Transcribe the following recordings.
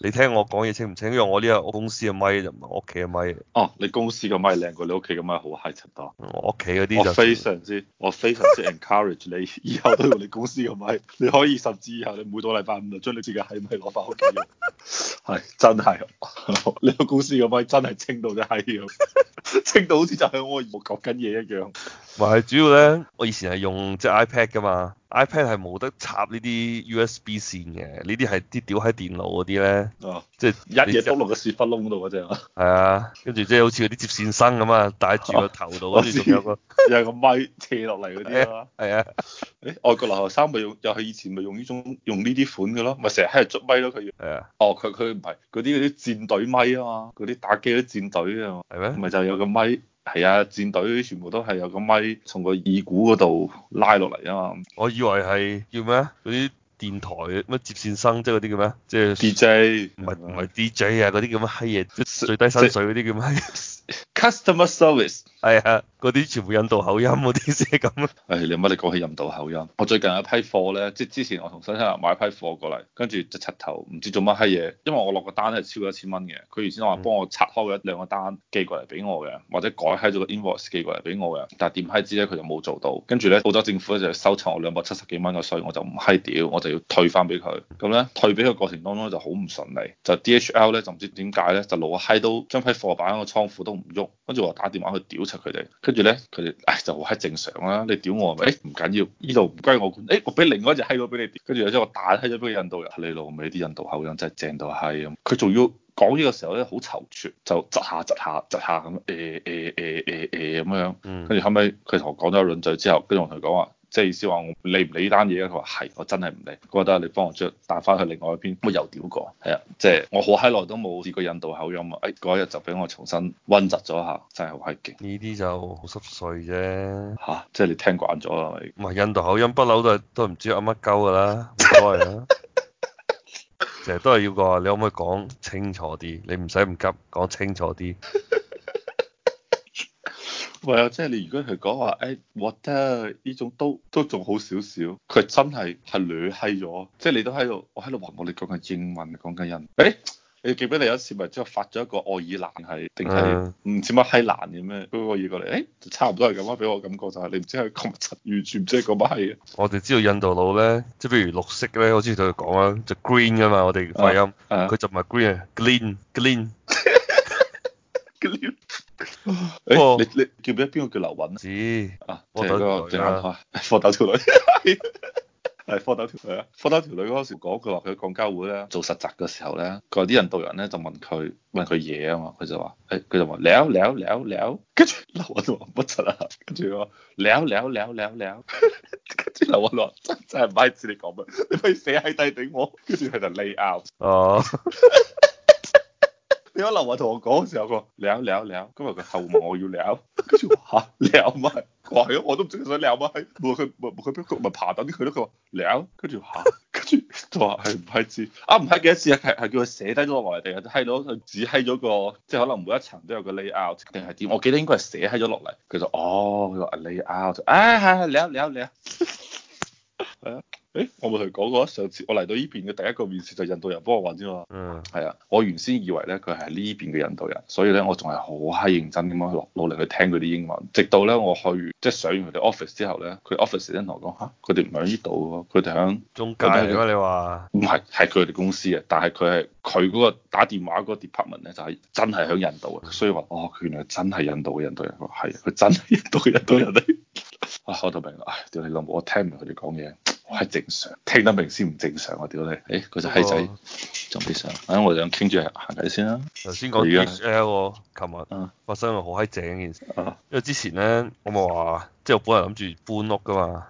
你聽我講嘢清唔清？因為我呢個公司嘅咪，啫，唔係我屋企嘅咪。哦、啊，你公司嘅咪靚過你屋企嘅咪好嗨柒多。我屋企嗰啲就非常之，我非常之 encourage 你，以後都用你公司嘅咪，你可以甚至以後你每到禮拜五就將你自己嘅咪攞翻屋企用。真係 你個公司嘅咪真係清到隻閪咁， 清到好似就喺我耳目講緊嘢一樣。唔係 weigh 主要咧，我以前係用隻 iPad 㗎嘛。iPad 係冇得插呢啲 USB 線嘅，呢啲係啲屌喺電腦嗰啲咧，哦，即係一夜篤落個屎忽窿度嗰隻，係啊，跟住即係好似嗰啲接線生咁啊，戴住個頭度，跟住仲有個，有個咪斜落嚟嗰啲啊。係啊，誒，外國留學生咪用，又係以前咪用呢種，用呢啲款嘅咯，咪成日喺度捉咪咯佢要，係啊，哦，佢佢唔係嗰啲嗰啲戰隊咪啊嘛，嗰啲打機嗰啲戰隊啊，係咩？咪就有個咪。.係啊，戰隊全部都係有個咪從個耳鼓嗰度拉落嚟啊嘛！我以為係叫咩？嗰啲電台咩接線生即係嗰啲叫咩？即係 DJ 唔係唔係 DJ 啊？嗰啲咁嘅閪嘢，是最低薪水嗰啲叫咩？Customer service。係啊，嗰啲、哎、全部印度口音嗰啲聲咁啊。係、哎、你乜你講起印度口音？我最近有一批貨咧，即係之前我同新新買一批貨過嚟，跟住即柒頭唔知做乜閪嘢，因為我落個單咧超過一千蚊嘅，佢原先我話幫我拆開一兩個單寄過嚟俾我嘅，或者改閪咗個 invoice 寄過嚟俾我嘅，但係點閪知咧佢就冇做到，跟住咧澳洲政府咧就收差我兩百七十幾蚊嘅稅，我就唔閪屌，我就要退翻俾佢。咁咧退俾佢過程當中就好唔順利，就 DHL 咧就唔知點解咧就老閪都將批貨擺喺個倉庫都唔喐，跟住我打電話去屌。出佢哋，跟住咧佢哋，唉就好正常啦。你屌我咪，誒，唔緊要，呢度唔歸我管、欸。我俾另外一隻閪佬俾你屌，跟住有將我打閪咗俾印度人。你老味啲印度口音真係正到閪咁。佢仲要講呢個時候咧，好抽搐，就窒下窒下窒下咁，誒誒誒誒誒咁樣。嗯。跟住後尾，佢同我講咗一輪嘴之後，後跟住我同佢講話。即係意思話我理唔理呢單嘢啊？佢話係，我真係唔理。覺得你幫我捽彈翻去另外一邊，我又屌過。係啊，即係我好閪耐都冇試過印度口音啊！誒嗰日就俾我重新温習咗下，真係好閪勁。呢啲就好濕碎啫。吓！即係你聽慣咗啦，咪。唔係印度口音不嬲都係都唔知有乜鳩㗎啦，唔所謂啊。成日 都係要個你可唔可以講清楚啲？你唔使咁急，講清楚啲。係啊，即係你如果佢講話，誒 what the 呢種都都仲好少少，佢真係係濰閪咗，即係你都喺度，我喺度話我哋講緊英文，講緊音。誒，你記唔記得你有一次咪之後發咗一個愛爾蘭係定係唔知乜閪蘭嘅咩嗰個語過嚟？誒，就差唔多係咁咯，俾我感覺就係你唔知係咁閪，完全唔知係講乜閪嘅。我哋知道印度佬咧，即係譬如綠色咧，我之前同佢講啊，就 green 噶嘛，我哋嘅發音，佢就唔係 green，green，green。 你你叫邊邊個叫劉雲子啊？貨斗條女啦，貨斗條女係貨斗條女啊！貨斗條女嗰時講佢話佢去廣交會咧，做實習嘅時候咧，佢話啲印度人咧就問佢問佢嘢啊嘛，佢就話誒，佢、欸、就話了了了了，跟住劉雲就話唔出啦，跟住我了了了了了，跟住劉雲話真真係唔知你講乜，你可以寫喺低頂我，跟住佢就 layout 哦。.點解劉華同我講嘅時候話唼唼唼，今日個後門我要唼，跟住話唼咪，我係我都唔知佢想唼乜，佢咪佢不佢爬到佢咯，佢話唼，跟住爬，跟住就話係唔係字啊，唔係幾多字啊，係係叫佢寫低咗落嚟地啊，睇到佢只係咗個，即係可能每一層都有個 layout 定係點，我記得應該係寫喺咗落嚟，佢就哦，佢話 layout，哎係係唼唼唼，係啊。誒、欸，我冇同佢講過。上次我嚟到呢邊嘅第一個面試就係印度人幫我揾啫嘛。嗯，係啊。我原先以為咧佢係呢邊嘅印度人，所以咧我仲係好閪認真咁樣落努力去聽佢啲英文，直到咧我去即係上完佢哋 office 之後咧，佢 office 先同我講嚇，佢哋唔喺呢度喎，佢哋響中介嚟㗎。你話唔係係佢哋公司啊。但係佢係佢嗰個打電話嗰個 department 咧就係、是、真係響印度嘅，所以話哦，原來真係印度嘅印度人，係佢、啊、真係印度嘅印度人嚟。啊， 我都明啦。屌、哎、你老母，我聽唔明佢哋講嘢。係正常，聽得明先唔正常、哎那個哦、啊！屌你，誒個隻閪仔仲唔正常？誒在，我想傾住行仔先啦。頭先講嘅一個，琴日發生個好閪正嘅件事。哦、因為之前咧，我咪話，即係我本來諗住搬屋噶嘛。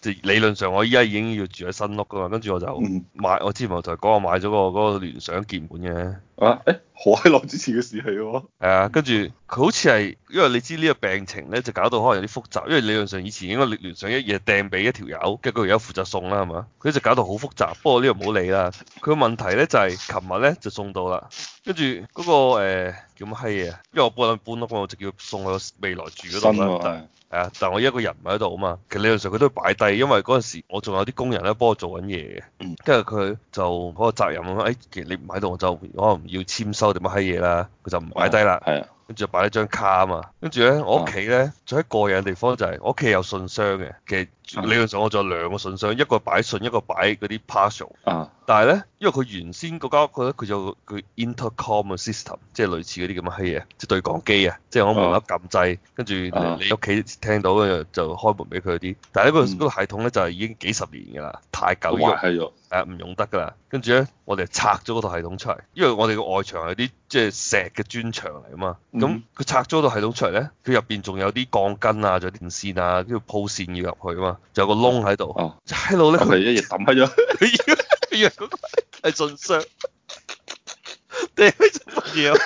即、嗯、理論上，我依家已經要住喺新屋噶嘛，跟住我就買。嗯、我之前我咪就係講我買咗個嗰個聯想鍵盤嘅。啊！誒好閪耐之前嘅事嚟喎。啊，跟住佢好似係，因為你知呢個病情咧，就搞到可能有啲複雜。因為理論上以前應該聯聯想一日掟俾一條友，跟住佢條友負責送啦，係嘛？佢就搞到好複雜。不過呢個唔好理啦。佢個問題咧就係、是，琴日咧就送到啦。跟住嗰、那個、呃、叫乜閪嘢？因為我搬緊搬屋，我就叫送去未來住嗰度啦。啊了，但我一個人唔喺度啊嘛。其實理論上佢都擺低，因為嗰陣時我仲有啲工人咧幫我做緊嘢。跟住佢就嗰、那個責任咁、哎、其實你唔喺度我就可能。要簽收啲乜閪嘢啦，佢就唔擺低啦。啊啊、跟住就擺咗張卡啊嘛。跟住咧，我屋企咧最喺個人嘅地方就係、是、我屋企有信箱嘅，其實理論上我仲有兩個信箱，啊、一個擺信，一個擺嗰啲 parcel。但係咧，因為佢原先嗰間屋咧，佢有佢 intercom system，即係類似嗰啲咁嘅閪嘢，即、就、係、是、對講機啊，即係我門口撳掣，啊、跟住你屋企聽到就開門俾佢嗰啲。但係呢嗰、嗯、個系統咧就係已經幾十年㗎啦，太舊啦。嗯誒唔用得㗎啦，跟住咧我哋拆咗嗰套系統出嚟，因為我哋個外牆係啲即係石嘅磚牆嚟啊嘛，咁佢、嗯、拆咗嗰套系統出嚟咧，佢入邊仲有啲鋼筋啊，仲有電線啊，跟住鋪線要入去啊嘛，就有個窿喺度，喺度咧佢一嘢抌喺咗，佢以為係進傷，掟喺度唔要。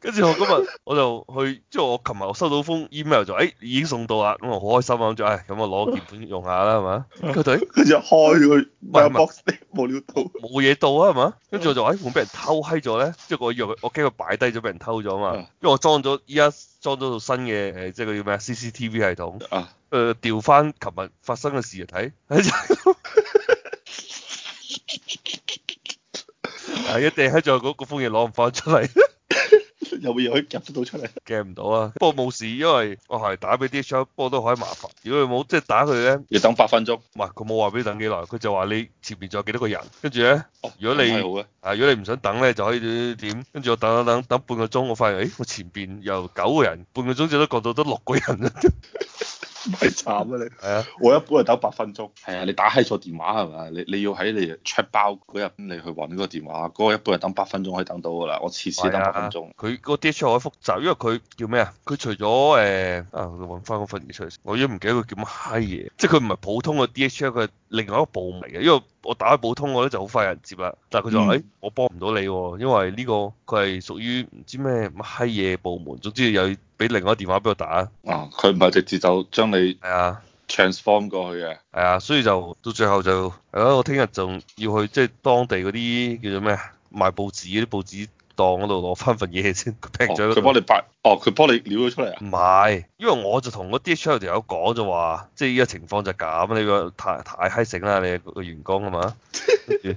跟住我今日我就去，即係我琴日我收到封 email 就，誒已經送到啦，咁我好開心啊，咁就，唉，咁我攞個鍵盤用下啦，係嘛？跟住跟住開個 MacBook，冇料到冇嘢到啊，係嘛？跟住我就，誒會唔會俾人偷閪咗咧？即係我入，我驚佢擺低咗俾人偷咗啊嘛，因為我裝咗依家裝咗套新嘅，誒即係個叫咩啊 CCTV 系統，誒調翻琴日發生嘅事嚟睇，係一掟閪咗嗰個封嘢攞唔翻出嚟。又會唔可以夾得到出嚟？夾唔到啊！不過冇事，因為我係打俾 DHL，不過都好麻煩。如果你冇即係打佢咧，要等八分鐘。唔係佢冇話俾你等幾耐，佢就話你前面仲有幾多個人。跟住咧，哦、如果你啊，如果你唔想等咧，就可以點？跟住我等等等等半個鐘，我發現誒、哎，我前邊又九個人，半個鐘就都降到得六個人 唔係慘你是啊，啊你！係啊，我一般係等八分鐘。係啊，你打喺錯電話係咪？你你要喺你 check 包嗰入你去揾個電話，嗰個一般係等八分鐘可以等到噶啦。我次次等八分鐘。佢、啊、個 DHL 好複雜，因為佢叫咩、呃、啊？佢除咗誒啊，揾翻份嘢出嚟先。我已經唔記得佢叫乜嗨嘢，即係佢唔係普通嘅 DHL，佢係另外一個部門嘅。因為我打普通嗰啲就好快有人接啦，但係佢就話，誒，我幫唔到你、啊，因為呢個佢係屬於唔知咩乜嗨嘢部門。總之有。俾另外一個電話俾我打啊！佢唔係直接就將你係啊 transform 過去嘅係啊，啊，所以就到最後就係、啊、我聽日仲要去即係、就是、當地嗰啲叫做咩賣報紙嗰啲報紙檔嗰度攞翻份嘢先。佢、哦、幫你發哦，佢幫你攣咗出嚟啊！唔係，因為我就同個 D H L 條友講就話，即係依家情況就咁，你話太太閪醒啦，你個員工啊嘛。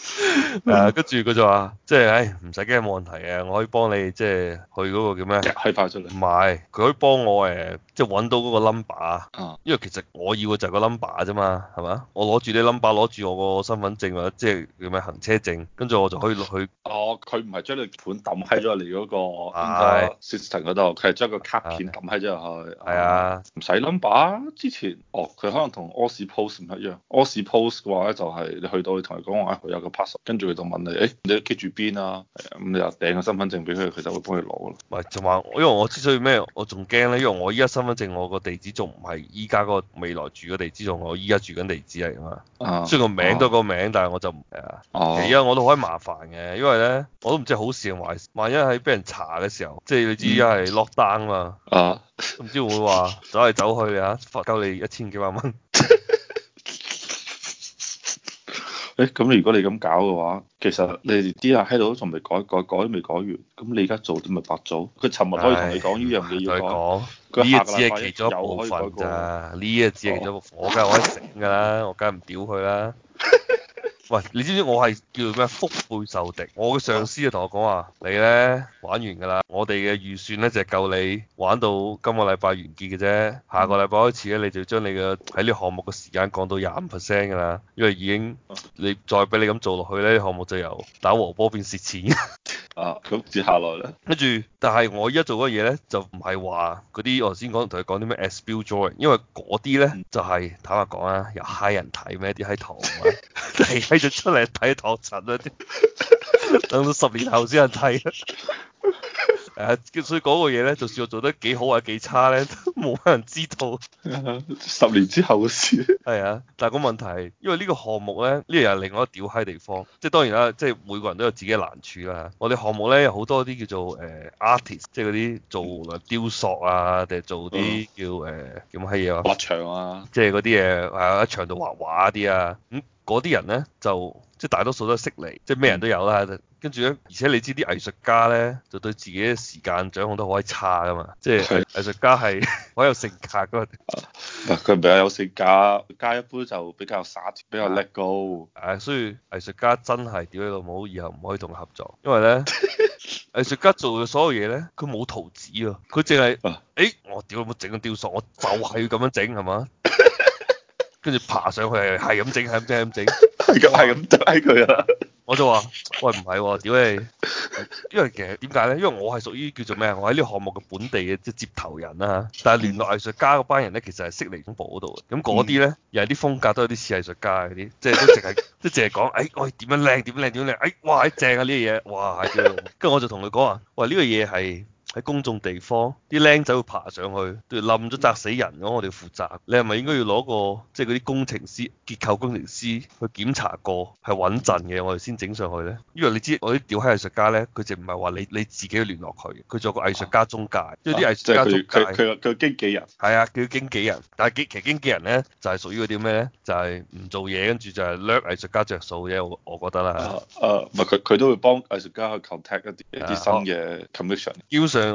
誒，跟住佢就話，即係，唉，唔使驚冇問題嘅，我可以幫你，即係去嗰個叫咩？係開炮出嚟？唔係，佢可以幫我誒。呃即係揾到嗰個 number 啊，因為其實我要嘅就係個 number 啫嘛，係嘛？我攞住啲 number，攞住我個身份證或者即係叫咩行車證，跟住我就可以去去、啊。哦，佢唔係將你盤揼喺咗嚟嗰個 system 嗰度，佢係將個卡片揼喺咗入去。係、哎、啊，唔使 number。之前哦，佢可能同 Aus Post 唔一樣。Aus Post 嘅話咧就係你去到，你同佢講話佢有個 parcel，跟住佢就問你誒、哎、你都 keep 住邊啊？係啊，咁你就訂個身份證俾佢，佢就會幫你攞啦。唔就仲話因為我之所以咩，我仲驚咧，因為我依家身。反正我個地址仲唔係依家個未來住嘅地址，仲我依家住緊地址嚟嘛。Uh huh. 雖然名個名都係個名，uh huh. 但係我就唔係啊。Uh huh. 其實我都好麻煩嘅，因為咧我都唔知好事定壞事。萬一喺俾人查嘅時候，即係你、uh huh. 知依家係 lockdown 啊嘛，唔知會唔會話走嚟走去啊，罰交你一千幾百蚊。 誒，咁、哎、如果你咁搞嘅話，其實你啲人喺度都仲未改改改，都未改完，咁你而家做啲咪白做？佢尋日可以同你講呢樣嘢要你講，呢嘅只係其中一部分咋，呢只係其中個火雞可以整㗎啦，我梗唔屌佢啦。 喂，你知唔知我係叫做咩？腹背受敵。我嘅上司就同我講話：你咧玩完㗎啦，我哋嘅預算咧就係夠你玩到今個禮拜完結嘅啫。下個禮拜開始咧，你就將你嘅喺呢個項目嘅時間降到廿五 percent 㗎啦。因為已經你再俾你咁做落去咧，呢個、項目就由打和波變蝕錢。啊，咁接下來咧，跟住，但係我依家做嘅嘢咧，就唔係話嗰啲我頭先講同你講啲咩 as-built join 因為嗰啲咧就係、是、坦白講啊，又閪人睇咩啲喺堂啊，係喺度出嚟睇糖塵啊啲。 等到十年後先人睇啦，誒，所以嗰個嘢咧，就算我做得幾好或者幾差咧，都冇人知道， 十年之後嘅事。係啊，但係個問題係，因為呢個項目咧，呢又係另外一個屌閪地方，即、就、係、是、當然啦，即係每個人都有自己嘅難處啦。我哋項目咧有好多啲叫做誒、呃、artist，即係嗰啲做雕塑啊，定係做啲叫誒、呃、叫咩閪嘢啊？畫牆、嗯、啊，即係嗰啲嘢喺牆度畫畫啲啊，嗯。嗰啲人咧就即係大多數都係識嚟，即係咩人都有啦。跟住咧，而且你知啲藝術家咧，就對自己嘅時間掌控都好鬼差噶嘛。即係藝術家係好有性格嗰個。佢 比較有性格，家一般就比較灑脫，比較叻高。誒、啊啊，所以藝術家真係屌你老母，以後唔可以同佢合作，因為咧 藝術家做嘅所有嘢咧，佢冇圖紙啊，佢淨係誒我屌，我整個雕塑，我就係要咁樣整係嘛。 跟住爬上去係咁整係咁整係咁整，係咁係咁睇佢啦。 我就話：喂唔係喎，屌、啊、你，因為其實點解咧？因為我係屬於叫做咩啊？我喺呢個項目嘅本地嘅即接頭人啦、啊、但係聯絡藝術家嗰班人咧，其實係識嚟中部嗰度嘅。咁嗰啲咧又係啲風格都有啲似藝術家嗰啲，即係都淨係都淨係講誒，喂點樣靚點樣靚點樣靚誒？哇！正，正啊，呢啲嘢，哇！跟住我就同佢講話：喂、哎、呢、這個嘢係。喺公眾地方，啲僆仔會爬上去，佢冧咗砸死人咁，我哋負責。你係咪應該要攞個即係嗰啲工程師、結構工程師去檢查過係穩陣嘅，我哋先整上去咧？因為你知我啲屌閪藝術家咧，佢就唔係話你你自己聯絡佢，佢做個藝術家中介，即係佢佢佢佢經紀人，係啊，佢經紀人。但係極其經紀人咧，就係、是、屬於嗰啲咩咧？就係、是、唔做嘢，跟住就係掠藝術家着數啫。我我覺得啦、啊啊啊。啊，唔係佢佢都會幫藝術家去 contact 一啲一啲新嘅 commission。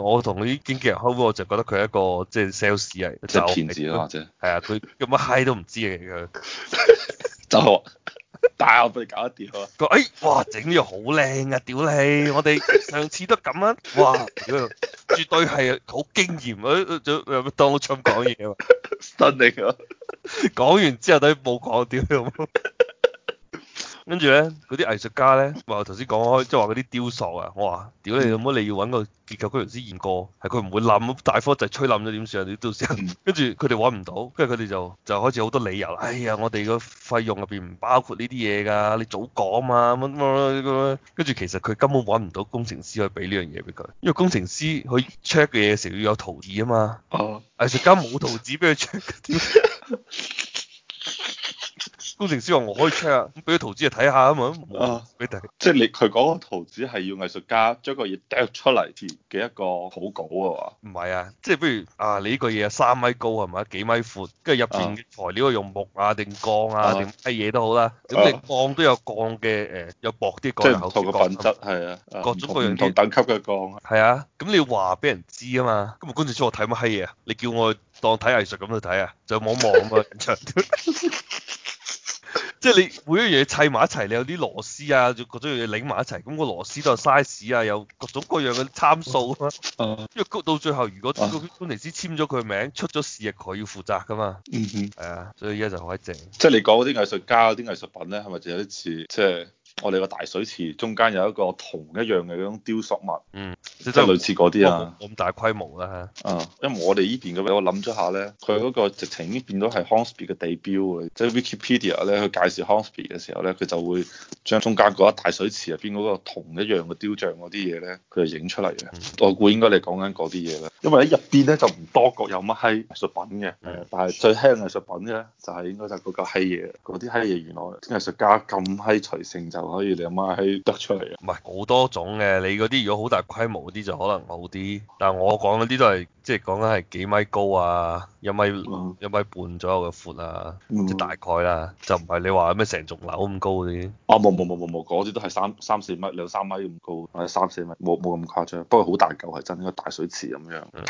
我同啲經紀人開會，我就覺得佢係一個即係 sales 啊，為即係騙子咯，或者係啊，佢咁嗨都唔知啊，佢就話：大佬俾你搞一掂啊！講、哎、誒，哇，整咗好靚啊！屌你，我哋上次都咁啊！哇，屌絕對係好驚豔啊！做當老闆講嘢啊嘛，真嚟啊！講完之後都冇講，屌你！跟住咧，嗰啲藝術家咧，話我頭先講開，即係話嗰啲雕塑啊，我話：屌你老乜你要揾個結構工程師驗過，係佢唔會冧，大科就吹冧咗點算啊？你到時候，跟住佢哋揾唔到，跟住佢哋就就開始好多理由。哎呀，我哋個費用入邊唔包括呢啲嘢㗎。你早講啊嘛，乜乜咁樣。跟住其實佢根本揾唔到工程師去俾呢樣嘢俾佢，因為工程師去 check 嘅嘢嘅時候要有圖紙啊嘛。哦，啊、藝術家冇圖紙俾佢 check。 工程師話，我可以 check，啊，俾啲圖紙你睇下啊嘛，啊俾，即係你佢講，個圖紙係要藝術家將個嘢 drop 出嚟嘅一個好稿啊嘛，唔係啊，即係不如啊你呢個嘢三米高係咪啊，幾米闊，跟住入邊嘅材料用木啊定鋼啊定乜嘢都好啦，咁你鋼都有鋼嘅誒，有薄啲鋼，即係唔同嘅品質係啊，各種各樣唔同等級嘅鋼，係啊，咁你要話俾人知啊嘛，咁咪工程師話我睇乜閪嘢啊，你叫我當睇藝術咁去睇啊，就望望咁啊。即係你每一樣嘢砌埋一齊，你有啲螺絲啊，各種樣嘢擰埋一齊，咁、那個螺絲都有 size 啊，有各種各樣嘅參數啊。 因為到最後，如果工程師簽咗佢名， 出咗事亦佢要負責噶嘛。嗯哼，係啊，所以依家就開正。嗯、哼即係你講嗰啲藝術家嗰啲藝術品咧，係咪就有啲似？即係我哋個大水池中間有一個銅一樣嘅嗰種雕塑物，嗯，即係類似嗰啲啊，咁大規模啦吓。啊，因為我哋呢邊咁樣，我諗咗下咧，佢嗰個直情已經變咗係康斯比嘅地標啊！即係 Wikipedia 咧，佢介紹康斯比嘅時候咧，佢就會將中間嗰一大水池入邊嗰個銅一樣嘅雕像嗰啲嘢咧，佢就影出嚟嘅。嗯、我估應該你講緊嗰啲嘢啦，因為喺入邊咧就唔多覺有乜閪藝術品嘅，的但係最閪藝術品嘅就係應該就係嗰嚿閪嘢，嗰啲閪嘢原來藝術家咁閪隨性就。可以兩米可以得出嚟啊！唔係好多種嘅，你嗰啲如果好大規模啲就可能好啲。但係我講嗰啲都係即係講緊係幾米高啊，一米一、嗯、米半左右嘅闊啊，即、嗯、大概啦，就唔係你話咩成棟樓咁高啲、啊。哦，冇冇冇冇冇，嗰啲都係三三四米、兩三米咁高，或者三四米，冇冇咁誇張。不過好大嚿係真，一個大水池咁樣。嗯